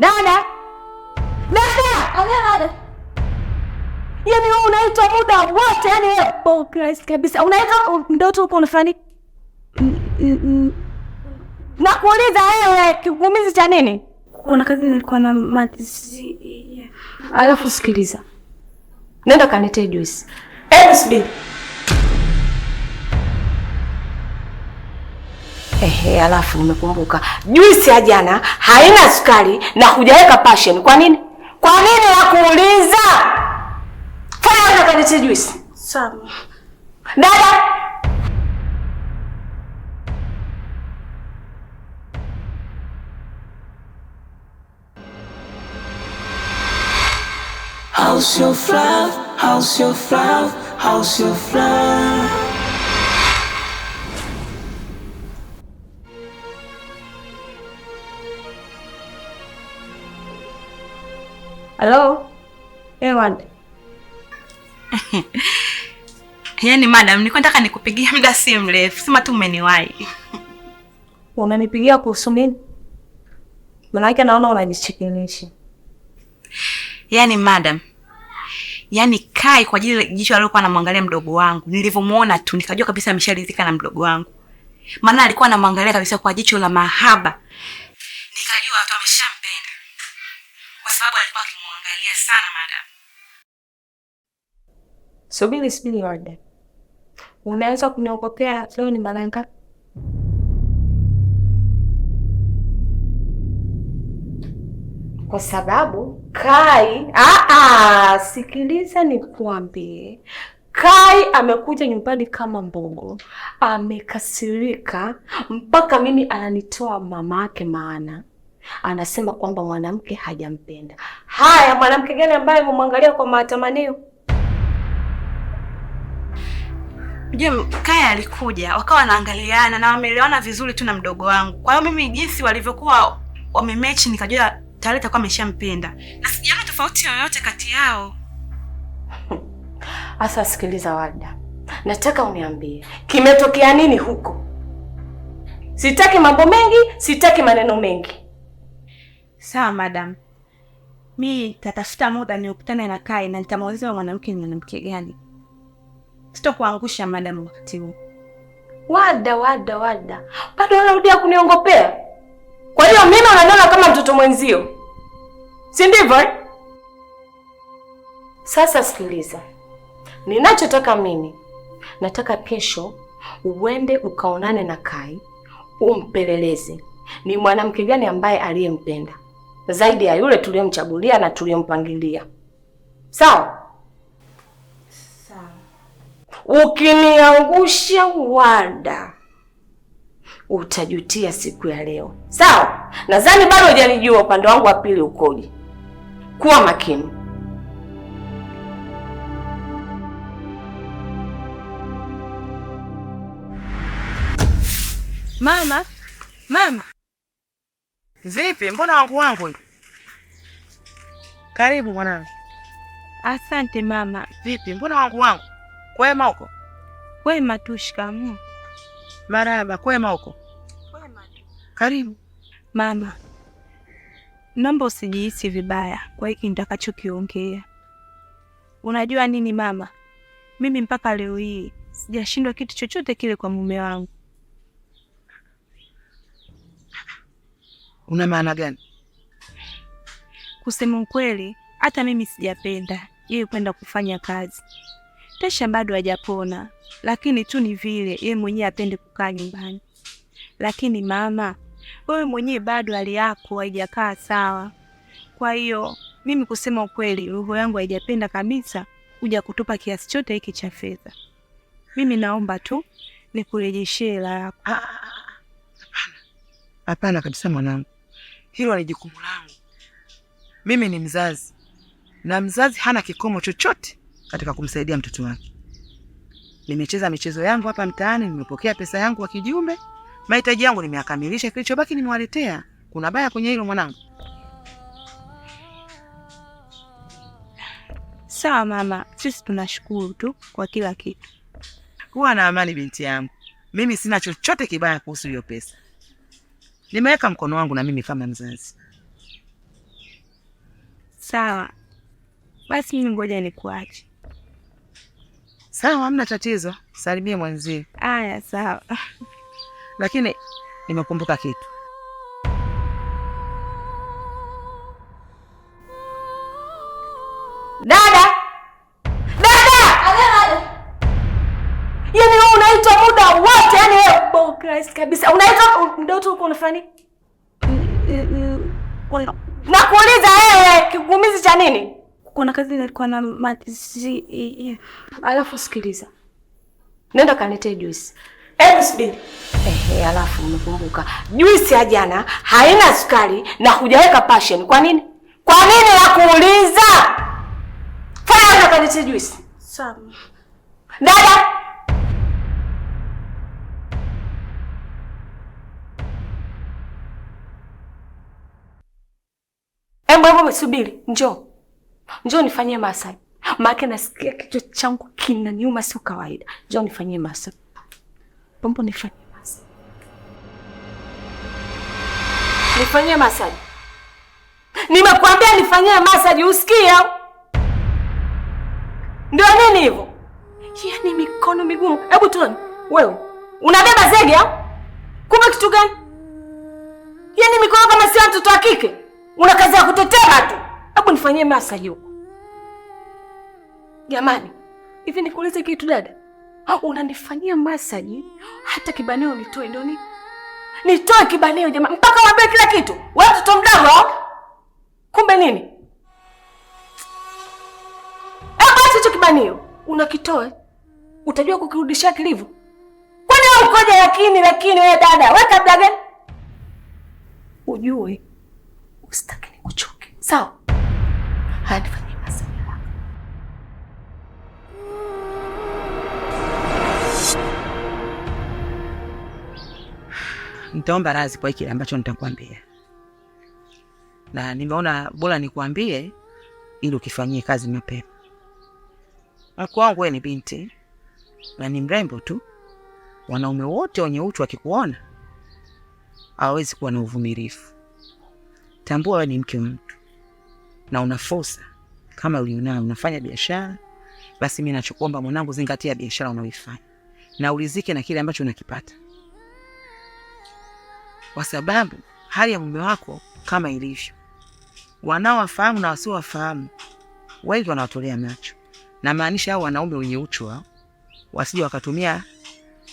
Nana! Dada, dada, Yani wewe unaitwa muda wote, yani wewe oh Christ kabisa, unaita ndoto uko unafanya nini? Mm, mm, mm. Nakuuliza wewe, kigumizi cha nini? Kuna kazi nilikuwa na mazi. Alafu sikiliza, nenda kanete juice. Hebu Ehe, alafu nimekumbuka juisi ya jana haina sukari na hujaweka passion. Kwa nini? Kwa nini nakuuliza? Fanya akanitie juisi sana dada. How's your Love, How's your Love, How's your Love Halo? Eh, Wanda. Yaani madam, nilikuwa nataka nikupigia muda si mrefu. Sema tu umeniwahi. Unanipigia kuhusu nini? Maanake naona unanishikilisha. Yaani madam, yaani Kai kwa ajili jicho alilokuwa anamwangalia mdogo wangu. Nilivyomuona tu nikajua kabisa amesharidhika na mdogo wangu. Maana alikuwa anamwangalia kabisa kwa jicho la mahaba. Nikajua tu ameshampenda. Kwa sababu alikuwa kuangalia sana madam. Subiri subiri order. Unaweza kuniogopea leo ni mara ngapi? Kwa sababu Kai, ah ah, sikiliza nikuambie. Kai amekuja nyumbani kama mbogo, amekasirika mpaka mimi ananitoa mamake maana anasema kwamba mwanamke hajampenda. Haya, mwanamke gani ambaye umemwangalia kwa matamanio? Je, Kaya alikuja wakawa wanaangaliana na wameelewana vizuri tu na mdogo wangu. Kwa hiyo mimi jinsi walivyokuwa wamemechi, nikajua tayari atakuwa ameshampenda na sijaona tofauti yoyote kati yao. Asa, sikiliza Warda, nataka uniambie kimetokea nini huko. Sitaki mambo mengi, sitaki maneno mengi. Sawa madam, mi tatafuta muda niukutane na Kai na nitamwelezea mwanamke ni mwanamke gani. Sitokuangusha madam wakati huu. Wada wada wada, bado unarudia kuniongopea. Kwa hiyo mimi unaniona kama mtoto mwenzio, si ndivyo? Eh? Sasa sikiliza, ninachotaka mimi, nataka kesho uende ukaonane na Kai, umpeleleze ni mwanamke gani ambaye aliyempenda zaidi ya yule tuliyomchagulia na tuliyompangilia. Sawa sawa. Ukiniangusha wada utajutia siku ya leo. Sawa, nadhani bado hujanijua upande wangu wa pili ukoje. Kuwa makini. Mama, mama Vipi, mbona wangu wangu? Karibu mwanangu. Asante mama. Vipi, mbona wangu wangu? Kwema huko? Kwema tu, shikamoo. Maraba, kwema huko? Kwema Karibu. Mama, naomba usijihisi vibaya kwa hiki nitakachokiongea. Unajua nini mama, mimi mpaka leo hii sijashindwa kitu chochote kile kwa mume wangu, Una maana gani? Kusema ukweli, hata mimi sijapenda yeye kwenda kufanya kazi. Tesha bado hajapona, lakini tu ni vile yeye mwenyewe apende kukaa nyumbani. Lakini mama, wewe mwenyewe bado hali yako haijakaa sawa. Kwa hiyo mimi kusema ukweli, roho yangu haijapenda kabisa kuja kutupa kiasi chote hiki cha fedha. Mimi naomba tu nikurejeshie hela yako. Ah, ah, ah, Hapana kabisa mwanangu, hilo ni jukumu langu. Mimi ni mzazi na mzazi hana kikomo chochote katika kumsaidia mtoto wake. Nimecheza michezo yangu hapa mtaani, nimepokea pesa yangu kwa kijumbe, mahitaji yangu nimeyakamilisha, kilichobaki nimewaletea. Kuna baya kwenye hilo mwanangu? Sawa mama, sisi tunashukuru tu kwa kila kitu. Kuwa na amani binti yangu, mimi sina chochote kibaya kuhusu hiyo pesa. Nimeweka mkono wangu na mimi kama mzazi. Sawa basi, mimi ngoja nikuache. Sawa, hamna tatizo, salimie mwenzie. Aya, sawa. Lakini nimekumbuka kitu Baba Christ kabisa. Unaita ndoto uko unafanya nini? Nakuuliza wewe, kigumizi cha nini? Kuna kazi nilikuwa na mazi. Alafu sikiliza. Nenda kanete juice. Hebu subiri. Eh, alafu umekumbuka. Juice ya jana haina sukari na hujaweka passion. Kwa nini? Kwa nini nakuuliza? Fanya kanete juice. Sawa. Dada, wewe subiri, njoo njoo nifanyie masaji, maana nasikia kichwa changu kinaniuma, sio kawaida. Njoo nifanyie masaji, pombo, nifanyie masaji, nifanyie masaji. Nimekuambia nifanyie masaji, usikii au ndio nini hivyo? Yaani mikono migumu. Hebu tuone wewe unabeba zege au kumbe kitu gani? Yaani mikono kama si mtoto wa kike. Una kazi ya kutetema tu. Hebu nifanyie masaji huko. Jamani, hivi nikuulize kitu dada? Ha, unanifanyia masaji hata kibanio nitoe ndio ni? Nitoe kibanio jamani, mpaka wambie kila kitu. Wewe mtoto mdogo. Kumbe nini? Hebu acha hicho kibanio. Unakitoa. Utajua kukirudishia kilivu. Kwani wewe ukoje? Lakini lakini wewe dada, wewe kabla gani? Ujue Sitaki nikuchoke. Sawa? Hadi Nitaomba radhi kwa kile ambacho nitakwambia, na nimeona bora nikwambie ili ukifanyie kazi mapema. Mke wangu wewe ni binti na ni mrembo tu. Wanaume wote wenye uchu akikuona hawawezi kuwa na uvumilivu. Tambua wewe ni mke wa mtu na una fursa kama ulionayo. Unafanya biashara, basi mimi nachokuomba mwanangu, zingatia biashara unaoifanya na ulizike na kile ambacho unakipata, kwa sababu hali ya mume wako kama ilivyo, wanaowafahamu na wasiowafahamu wengi wanawatolea macho, na maanisha hao wanaume wenye uchwa wasije wakatumia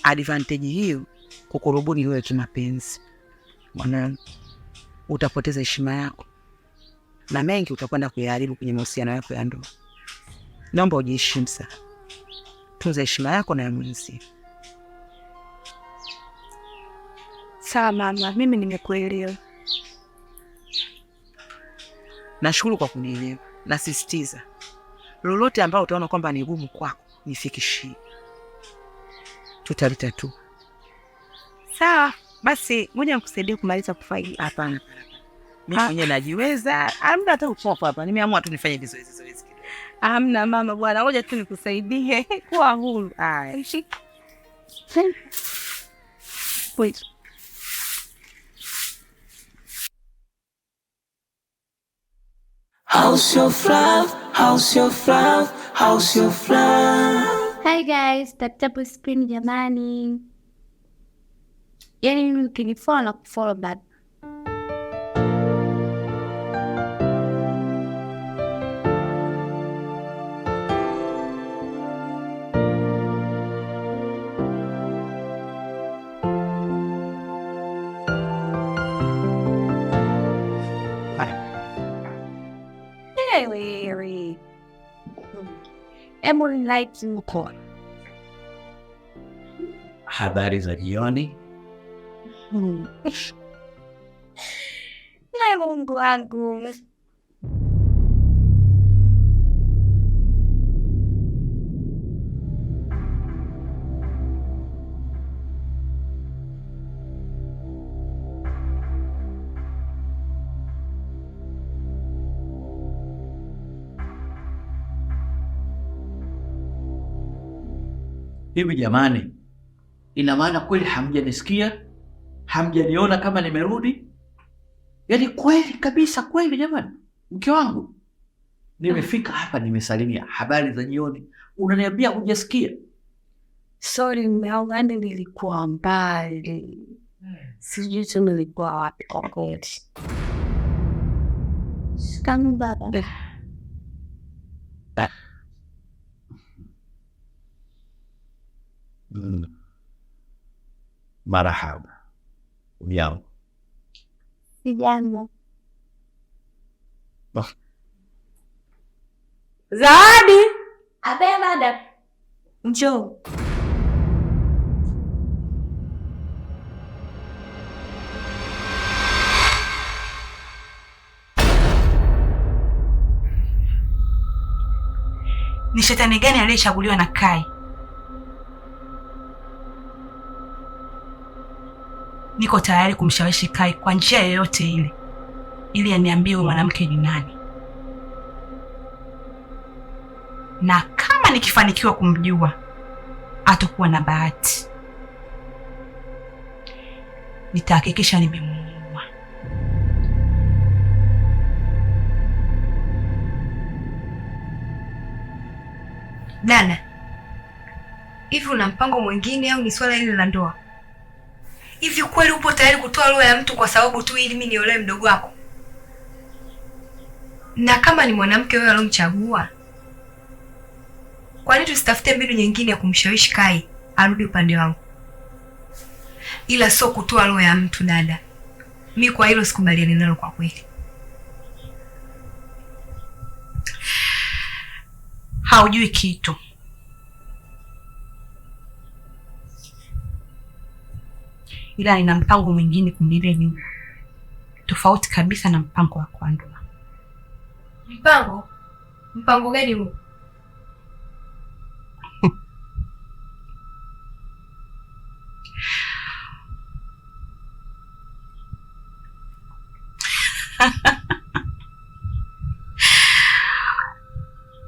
advantage hiyo kukurubuni wewe kimapenzi mwanangu utapoteza heshima yako na mengi utakwenda kuyaharibu kwenye mahusiano yako ya ndoa. Naomba ujiheshimu sana, tunza heshima yako na ya mwenzi. Sawa mama, mimi nimekuelewa. Nashukuru kwa kunielewa. Nasisitiza lolote ambayo utaona kwamba ni gumu kwako nifikishie, tu. Sawa. Basi moja nikusaidia kumaliza kufaili. Hapana, mi mwenyewe najiweza. amna hata uchovu hapa, nimeamua tu nifanye vizoezi zoezi Hamna mama bwana, moja tu nikusaidie kuwa huru. Haya, House House House Hi guys, tap tap screen jamani. எழுநூற்றி follow follow back Larry. Emily likes you, Habari za jioni. Ay, Mungu wangu. Hivi jamani, ina maana kweli hamjanisikia? hamjaniona kama nimerudi? Yaani kweli kabisa, kweli jamani, mke wangu nimefika hapa, nimesalimia, habari za jioni, unaniambia hujasikia? Sori mume wangu, yaani nilikuwa mbali, sijui tu nilikuwa wapi kwa kweli. Marahaba. Ujambo? Sijambo. Zawadi abe madam, njoo. Ni shetani gani aliyechaguliwa na Kai niko tayari kumshawishi Kai kwa njia yoyote ile ili aniambie huyo mwanamke ni nani, na kama nikifanikiwa kumjua atakuwa na bahati, nitahakikisha nimemuua. Dana, hivi una mpango mwingine au ni swala hili la ndoa? hivi kweli upo tayari kutoa roho ya mtu kwa sababu tu ili mimi niolewe mdogo wako? Na kama ni mwanamke wewe alomchagua, kwa nini tusitafute mbinu nyingine ya kumshawishi Kai arudi upande wangu? Ila sio kutoa roho ya mtu dada. Mi kwa hilo sikubaliani nalo kwa kweli. Haujui kitu. ila nina mpango mwingine kumlilia nyuma, tofauti kabisa na mpango wa kuandoa. Mpango mpango gani huo?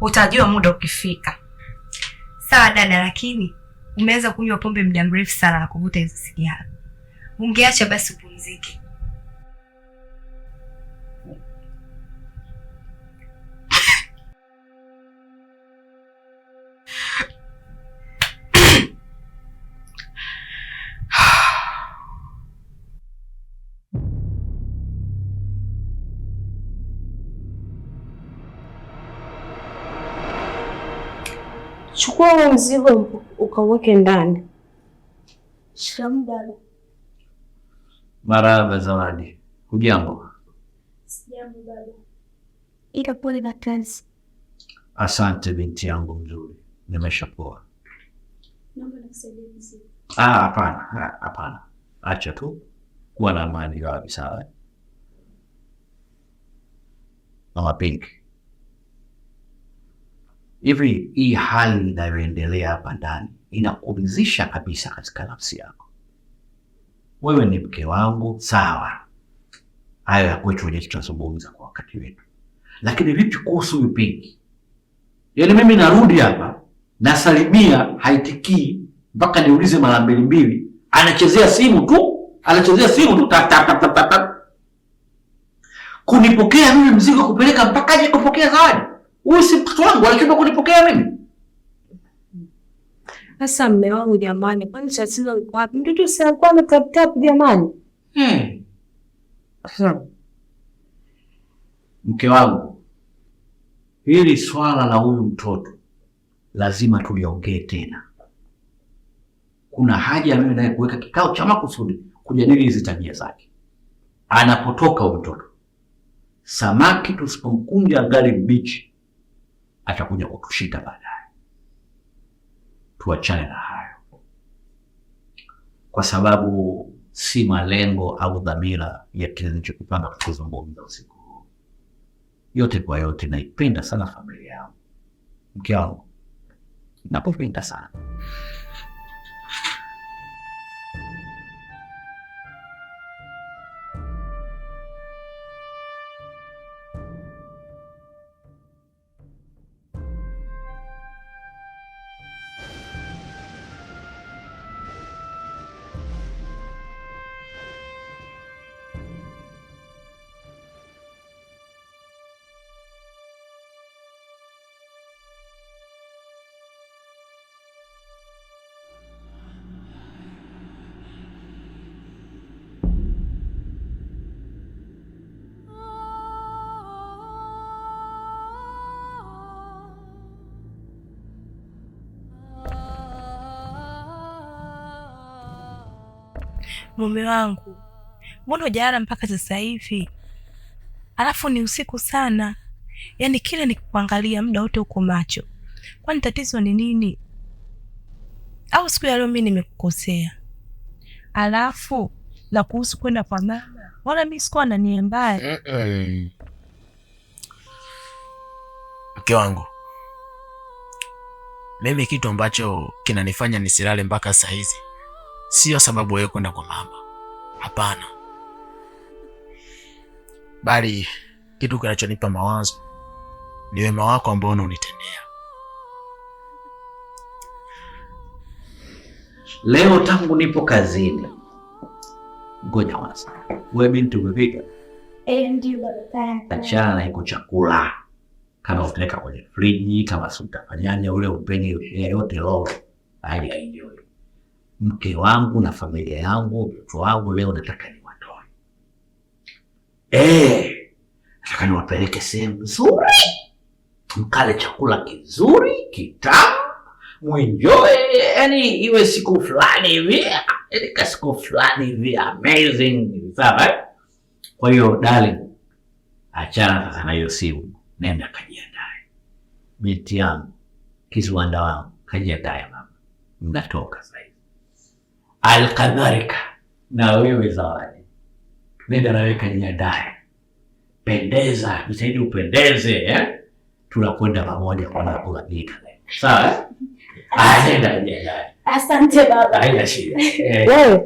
Utajua muda ukifika. Sawa dada, lakini umeweza kunywa pombe muda mrefu sana na kuvuta hizo sigara. Ungeacha basi upumzike. Chukua mzigo ukaweke ndani. Shamba. Marahaba Zawadi, hujambo? Sijambo baba. Ila pole na kazi. Asante binti yangu mzuri, nimeshapoa. Ah, hapana, hapana, acha tu, kuwa na amani gawavi, sawa mama Pink. Hivi hii hali inayoendelea hapa ndani inakuridhisha kabisa katika nafsi yako? wewe ni mke wangu, sawa, hayo ya kwetu wenyewe tutazungumza kwa wakati wetu, lakini vipi kuhusu huyu Pinki? Yaani mimi narudi hapa nasalimia, haitikii mpaka niulize mara mbili mbili, anachezea simu tu, anachezea simu tu tap, tap, tap, tap, tap. kunipokea mimi mzigo kupeleka mpaka aje kupokea zawadi. Huyu si mtoto wangu, alikuja kunipokea mimi sasa mme wangu jamani, kwani tatizo liko wapi? Mtoto si alikuwa ametapu jamani. Hmm. Sasa mke wangu, hili swala la huyu mtoto lazima tuliongee tena. Kuna haja ya mimi naye kuweka kikao cha makusudi kujadili hizi tabia zake, anapotoka huyu mtoto. Samaki tusipomkunja angali mbichi, atakuja kutushika baadaye tuachane na hayo, kwa sababu si malengo au dhamira ya kile nilichokipanga kukizungumza usiku huu. Yote kwa yote, naipenda sana familia yangu, mke wangu, napopenda sana mume wangu, mbona hujalala mpaka sasa hivi? Alafu ni usiku sana, yaani kila nikikuangalia muda wote uko macho. Kwani tatizo ni nini? Au siku ya leo mi nimekukosea? Alafu la kuhusu kwenda kwa mama, wala mi sikuwa na nia mbaya. Mke wangu, mimi kitu ambacho kinanifanya nisilale mpaka saa hizi Sio sababu wewe kwenda kwa mama, hapana, bali kitu kinachonipa mawazo ni wema wako ambao unaonitendea leo tangu nipo kazini. Ngoja kwanza, wewe binti, umepika? Eh, Achana na iko chakula, kama utaweka kwenye friji, kama sutafanyanya ule upenye yote, logo mke wangu na familia yangu, mtoto wangu, leo nataka niwatoe, eh, nataka niwapeleke sehemu nzuri, mkale chakula kizuri kitamu, mwenjoe, yani iwe siku fulani hivi ilika siku fulani hivi amazing, sawa eh? Kwa hiyo darling, achana sasa na hiyo simu, nenda kajiandae. Binti yangu, kiziwanda wangu, kajiandae mama, mnatoka sasa. Alkadhalika na wewe Zawadi, nenda naweka niandaye, pendeza, msaidi upendeze eh? Tunakwenda pamoja kwa nakula vitu sawa. Eh? Ah, nenda niandaye. Asante baba, haina shida. Eh. Wewe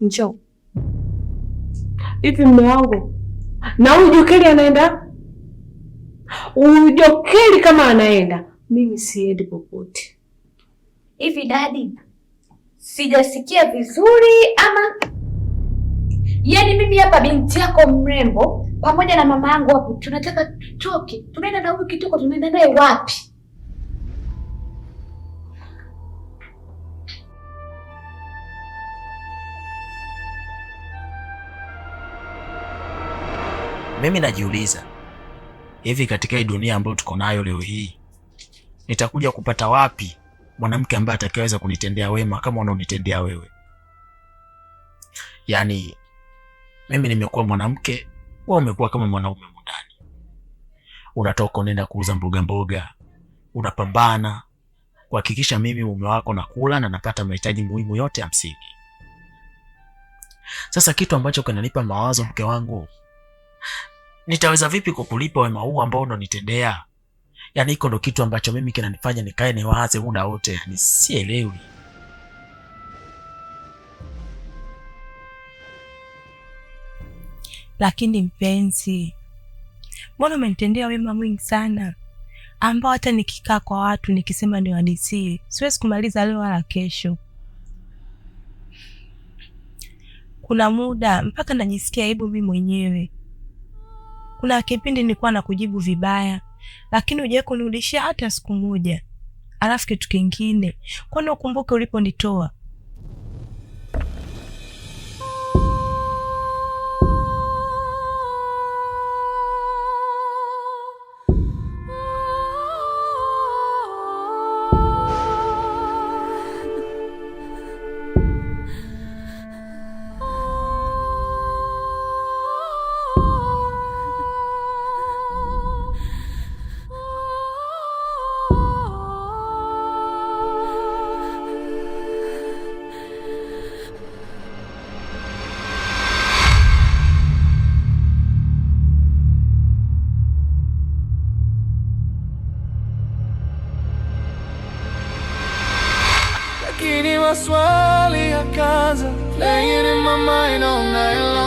njoo hivi, mme wangu na huyu Jokeli anaenda, huyu kama anaenda, mimi siendi popote hivi dadi sijasikia vizuri ama yani mimi hapa binti yako mrembo pamoja na mama yangu hapo, tunataka tutoke. Tunaenda na huyu kitoko, tunaenda naye wapi? Mimi najiuliza hivi, katika hii dunia ambayo tuko nayo leo hii nitakuja kupata wapi mwanamke ambaye atakayeweza kunitendea wema kama unaonitendea wewe. Yaani mimi nimekuwa mwanamke, wewe umekuwa kama mwanaume mundani, unatoka unaenda kuuza mboga mboga, unapambana kuhakikisha mimi mume wako nakula na napata mahitaji muhimu yote ya msingi. Sasa kitu ambacho kinanipa mawazo, mke wangu, nitaweza vipi kukulipa wema huu ambao unanitendea? yani hiko ndo kitu ambacho mimi kinanifanya nikae niwaze muda wote, yaani sielewi. Lakini mpenzi, mbona umenitendea wema mwingi sana ambao hata nikikaa kwa watu nikisema ni wanisie siwezi kumaliza leo wala kesho. Kuna muda mpaka najisikia aibu mimi mwenyewe. Kuna kipindi nilikuwa kujibu vibaya, lakini hujawahi kunirudishia hata siku moja. Alafu kitu kingine, kwani ukumbuke uliponitoa maswali a casa, laying in my mind all night long.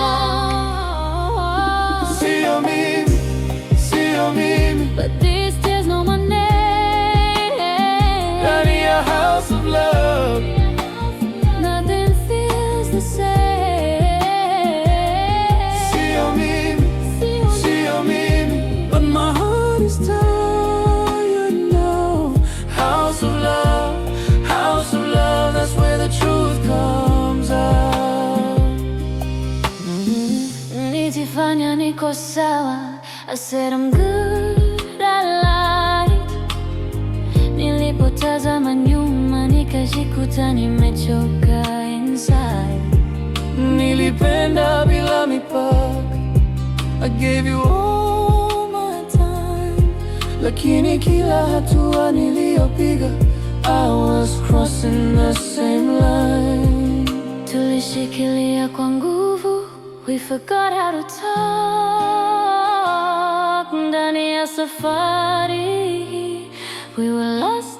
kujifanya niko sawa. I said I'm good, I lied. Nilipotazama nyuma nikajikuta nimechoka inside. Nilipenda bila mipaka, I gave you all my time, lakini kila hatua niliyopiga I was crossing the same line. Tulishikilia kwangu We forgot how to talk. Dani a safari. We were lost.